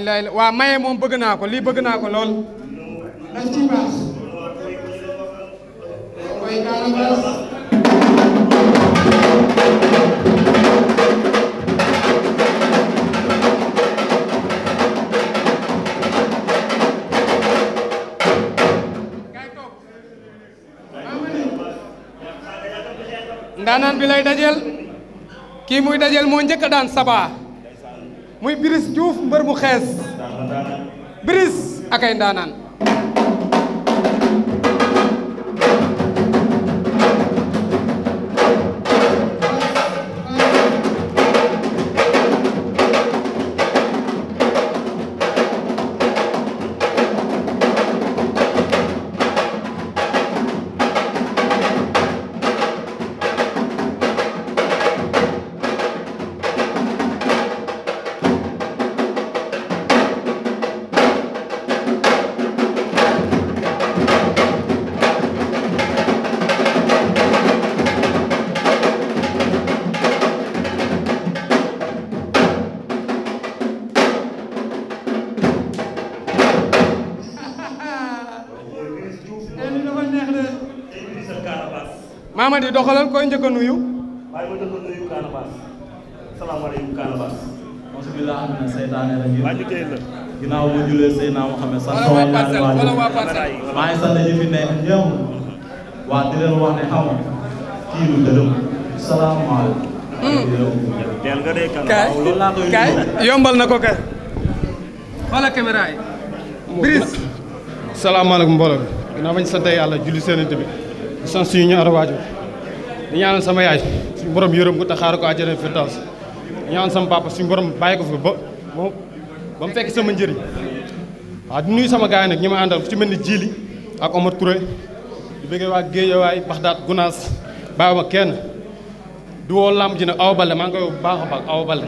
laa ilaaha illa waaw maye moom bëgg naa ko lii bëgg naa ko lool daf ci baas koy gaana baas ndaanaan bi dajeel kii dajeel moo njëkk daan sabaa muy Brice Diouf mbër mu xees Brice ak ay ndaanaan Mamady doxalal koy njëkk a ne xam nga hmm. yombal na ko kay. wala caméra yi. Brice. salaamaaleykum mbooloo bi. ginnaaw bañ sant yàlla julli seenante bi. sant suñu ñaari waajur di ñaanal sama yaay suñu borom yërëm ko te xaaral ko àjjana firdaws di ñaanal sama papa suñu borom bàyyi ko fi ba ba mu fekk sama njëriñ waaw di nuyu sama gars yi nag ñi ma àndal ci mel ni Jili ak Omar Touré di bëggee waa Géejawaay Baxdaat Gunaas bàyyi ma maa ngi koy baax baax Awa Baldé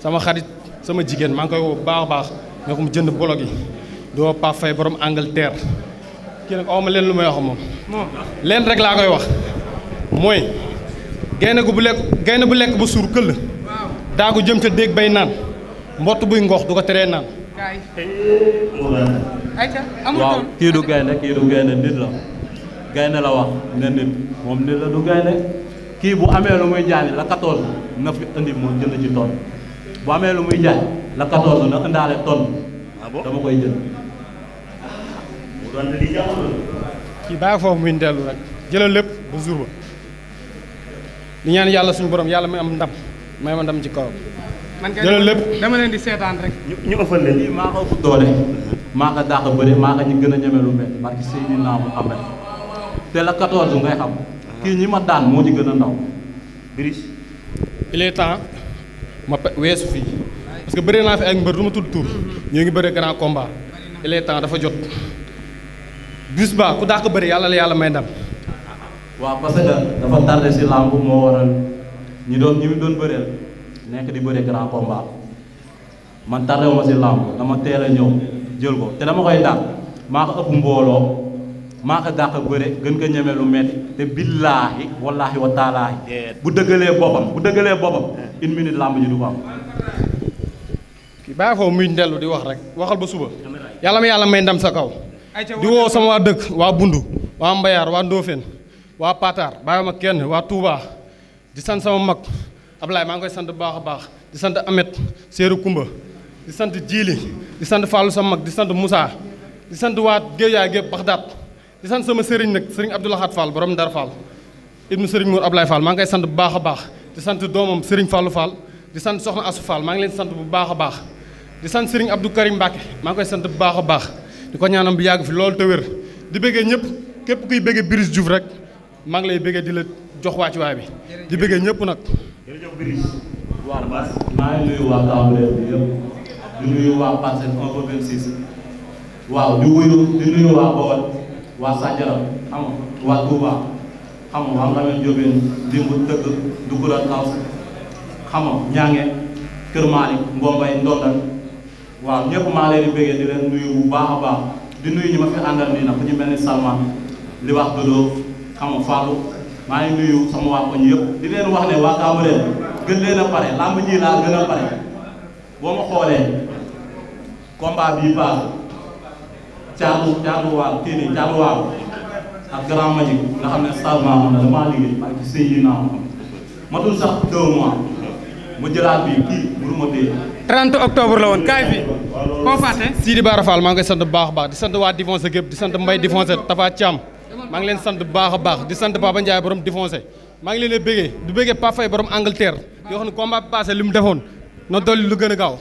sama xarit sama jigéen maa ngi koy woo baax a baax nga ko mu jënd bolog yi du woo Pape Faye borom Angleterre kii nag aw ma leen lu may wax moom leen rek laa koy wax mooy gaynde gu bu lekk gaynde bu lekk ba suur këll daagu jëm ca déeg bay naan mbott buy ngoox du ko teree naan waaw kii du gaynde kii du gaynde nit la gaynde la wax ne nit moom nit la du gaynde kii bu amee lu muy jaay la 14 na fi indi moo jënd ci tool bu amee lu muy jaay la 14 na indaale tool ah dama koy jënd kii bàyyi foofu muy dellu rek jëlal lépp bu jour ba di ñaan yàlla suñu borom yàlla may am ndam may ma ndam ci kawam. jëlal lépp dama leen di seetaan rek. ñu ñu ëffal leen. maa ko ëpp doole. maa ko dàq bëre maa ko ñu gën a ñeme lu mel parce que Seydina Muhammad te la 14 ngay xam. kii ñi ma daan moo ci gën a ndaw. Brice. il temps ma pe weesu fii parce que bëri naa fi ay mbër lu ma tudd tur ñoo ngi bëri grand combat il est temps dafa jot. Brice Ba ku ko bëri yàlla la yàlla may ndam. waaw parce que dafa tardé si làmb moo waral ñi doon ñi doon bëreel nekk di bëre grand combat man tardé si làmb dama teel a jël ko te dama koy dàq maa ko ëpp mbooloo maa ko dàq bëre gën ko ñeme lu metti te billaahi wallaahi wa taalaahi bu dëggalee boppam bu dëggalee boppam eh. une minute làmb ji du ko am. foofu muy ndellu di wax rek waxal ba suba yàlla ma yàlla may ndam sa kaw. di woo sama waa dëkk waa Bundu waa Mbayaar waa Ndofène. waa Pataar bàyyi ma kenn waa Touba di sant sama mag ab Ablaye maa ngi koy sant bu baax a baax di sant Amet Seeru Kumba di sant Jiili di sant Fallou sama mag di sant Moussa di sant waa Géejaay gépp Baxdaat di sant sama sëriñ nag sëriñ Abdou Lahad Fall borom Ndar Fall seriñ sëriñ ab Ablaye Fall maa ngi koy sant bu baax a baax di sant doomam seriñ Fallou faal di sant soxna Asu Fall maa ngi leen sant bu baax a baax di sant sëriñ Abdou Karim Mbacke maa ngi koy sant bu baax a baax di ko ñaanam bi yàgg fi te di bëggee ñëpp képp kuy bëggee Biris Diouf rek mag lay bëggee di la jox waa ci waay bi di bëggee ñëpp nag. maa ngi nuyu waa Cambérène bi yëpp di nuyu waa Parcelles un ba six waaw di wuyu di nuyu waa Bawol waa Sandiara xam nga waa Touba xam nga waa Lamine Diobène dimbu tëgg Dugural House xam nga Ñaange Kër Malick Ngombay Ndondal waaw ñëpp maa leen di bëggee di nuyu bu baax a baax di nuyu ñi ma fi àndal nii nag ku ñu mel ni Salman li wax Dodo. xam nga Fatou maa ngi nuyu sama waa koñ yëpp di leen wax ne waa Cambérène gën leen a pare làmb ji laa gën a pare boo ma xoolee combat bii baax caatu caatu waaw kii nii caatu waaw ak grand magique nga xam ne seulement man damaa liggéey parce que sëy yi naa matul sax deux mois ma jëlaat bi kii mënu ma téye 30 octobre la woon kaay fi koo fàtte Sidi Bara Fall maa ngi sant baax baax di sant waa Difonse gépp di sant Mbaye Difonse maa ngi leen sant bu baax a baax di sant Baba Ndiaye borom défoncé maa ngi leen di bëggee du bëggee Pa Faye borom Angleterre yoo xam ne combat bi li mu defoon na dolli lu gën a gaaw.